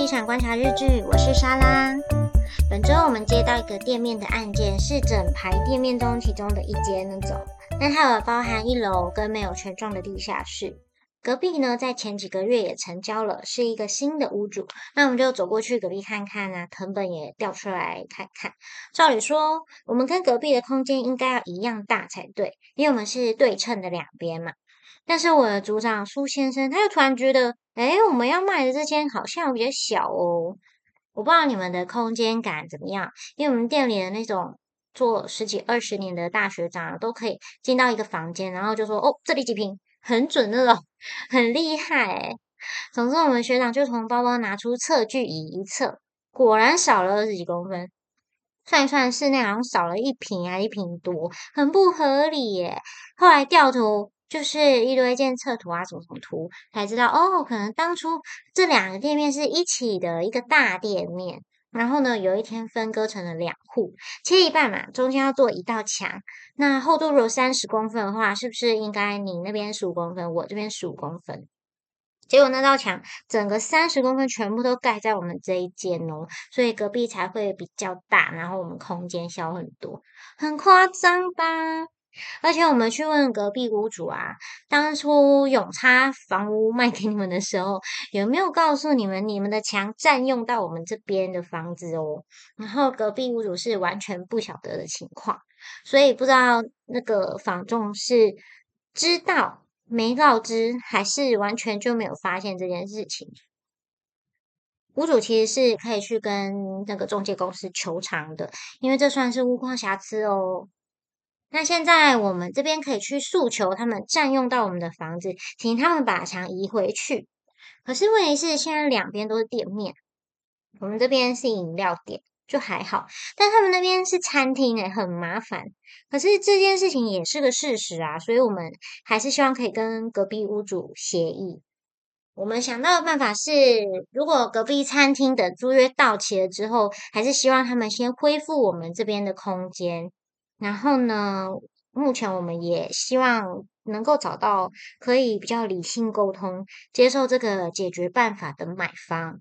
地產觀察日誌，我是莎拉。本周我們接到一個店面的案件，是整排店面中其中的一間那種，但它有包含一樓跟沒有全幢的地下室。隔壁呢，在前幾個月也成交了，是一個新的屋主。那我們就走過去隔壁看看啊，謄本也調出來看看。照理說，我們跟隔壁的空間應該要一樣大才對，因為我們是對稱的兩邊嘛。但是我的組長蘇先生，他又突然覺得，哎、欸，我們要賣的這間好像比較小哦。我不知道你們的空間感怎麼樣，因為我們店裡的那種做十幾二十年的大學長，都可以進到一個房間，然後就說，哦，這裡幾坪，很準那種，很厲害哎、欸。總之，我們學長就從包包拿出測距儀一測，果然少了二十幾公分，算一算室內好像少了一坪還、啊、一坪多，很不合理耶、欸。後來掉頭。就是一堆建測圖啊，什麼什麼圖，才知道哦。可能當初這兩個店面是一起的一個大店面，然後呢，有一天分割成了兩戶，切一半嘛，中間要做一道牆。那厚度如果三十公分的話，是不是應該你那邊十五公分，我這邊十五公分？結果那道牆整個三十公分全部都蓋在我們這一間哦，所以隔壁才會比較大，然後我們空間小很多，很誇張吧？而且我們去問隔壁屋主啊，當初永差房屋賣給你們的時候，有沒有告訴你們你們的牆佔用到我們這邊的房子哦？然後隔壁屋主是完全不曉得的情況，所以不知道那個房仲是知道沒告知，還是完全就沒有發現這件事情。屋主其實是可以去跟那個中介公司求償的，因為這算是屋況瑕疵哦。那現在我們這邊可以去訴求他們占用到我們的房子，請他們把牆移回去。可是問題是，現在兩邊都是店面，我們這邊是飲料店就還好，但他們那邊是餐廳誒，很麻煩。可是這件事情也是個事實啊，所以我們還是希望可以跟隔壁屋主協議。我們想到的辦法是，如果隔壁餐廳的租約到期了之後，還是希望他們先恢復我們這邊的空間。然後呢，目前我們也希望能夠找到可以比較理性溝通、接受這個解決辦法的買方。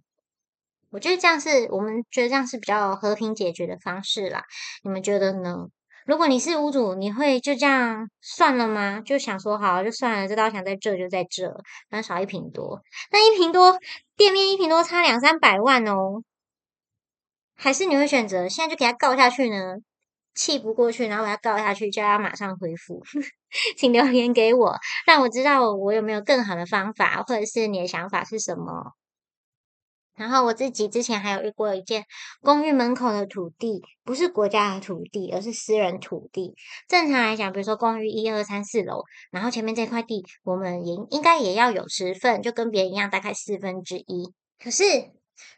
我覺得這樣是我們覺得這樣是比較和平解決的方式啦。你們覺得呢？如果你是屋主，你會就這樣算了嗎？就想說好就算了，這道牆在這就在這，反正少一坪多，那一坪多店面一坪多差兩三百萬哦。還是你會選擇現在就給他告下去呢？氣不過去，然後我要告下去，就要馬上回復，請留言給我，讓我知道我，我有沒有更好的方法，或者是你的想法是什麼？然後我自己之前還有遇過一件，公寓門口的土地不是國家的土地，而是私人土地。正常來講，比如說公寓一二三四樓，然後前面這塊地，我們應應該也要有十份，就跟別人一樣，大概四分之一。可是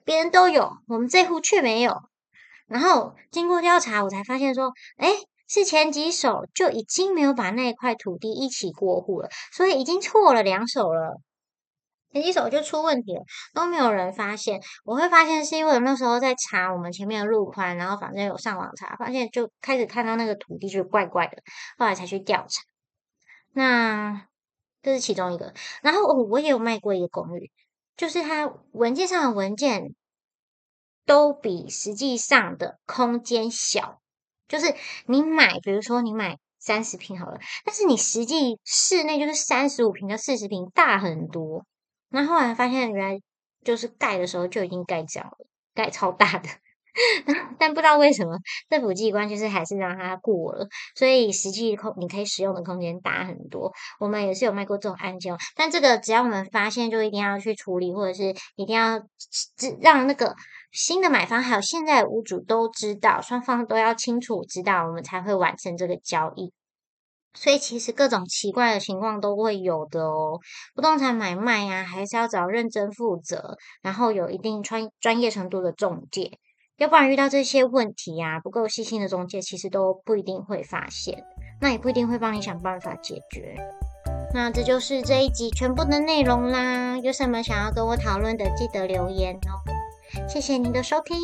別人都有，我們這戶卻沒有。然後經過調查，我才發現說，哎，是前幾手就已經沒有把那一塊土地一起過戶了，所以已經錯了兩手了，前幾手就出問題了，都沒有人發現。我會發現是因為那時候在查我們前面的路寬，然後反正有上網查，發現就開始看到那個土地就怪怪的，後來才去調查。那這是其中一個，然後，哦，我也有賣過一個公寓，就是它文件上的文件，都比實際上的空間小，就是你買，比如說你買三十平好了，但是你實際室內就是三十五平到四十平大很多。然後後來發現，原來就是蓋的時候就已經蓋這樣了，蓋超大的。 但不知道為什麼政府機關就是還是讓它過了，所以實際空你可以使用的空間大很多。我們也是有賣過這種案件，但這個只要我們發現，就一定要去處理，或者是一定要讓那個新的買方還有現在屋主都知道，雙方都要清楚知道，我們才會完成這個交易。所以其實各種奇怪的情況都會有的哦。不動產買賣啊，還是要找認真負責，然後有一定專專業程度的中介。要不然遇到這些問題啊，不夠細心的中介其實都不一定會發現，那也不一定會幫你想辦法解決。那這就是這一集全部的內容啦，有什麼想要跟我討論的，記得留言哦。謝謝您的收聽。